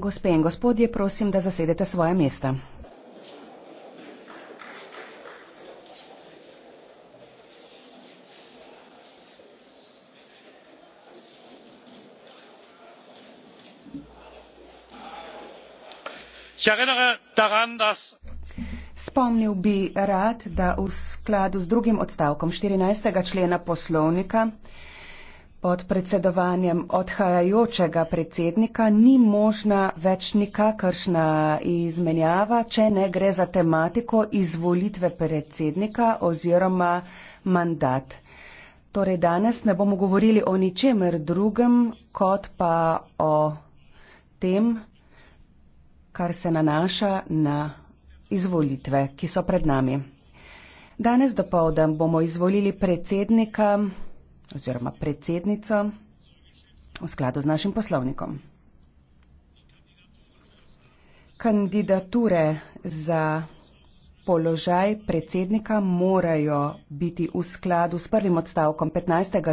Gospe in gospodje, prosim, da zasedete svoje mesta. Spomnil bi rad, da v skladu z drugim odstavkom štirinajstega člena poslovnika Pod predsedovanjem odhajajočega predsednika ni možna več nikakršna izmenjava, če ne gre za tematiko izvolitve predsednika oziroma mandat. Torej danes ne bomo govorili o ničemer drugem, kot pa o tem, kar se nanaša na izvolitve, ki so pred nami. Danes dopoldan bomo izvolili predsednika oziroma predsednico v skladu z našim poslovnikom. Kandidature za položaj predsednika morajo biti v skladu s prvim odstavkom 15.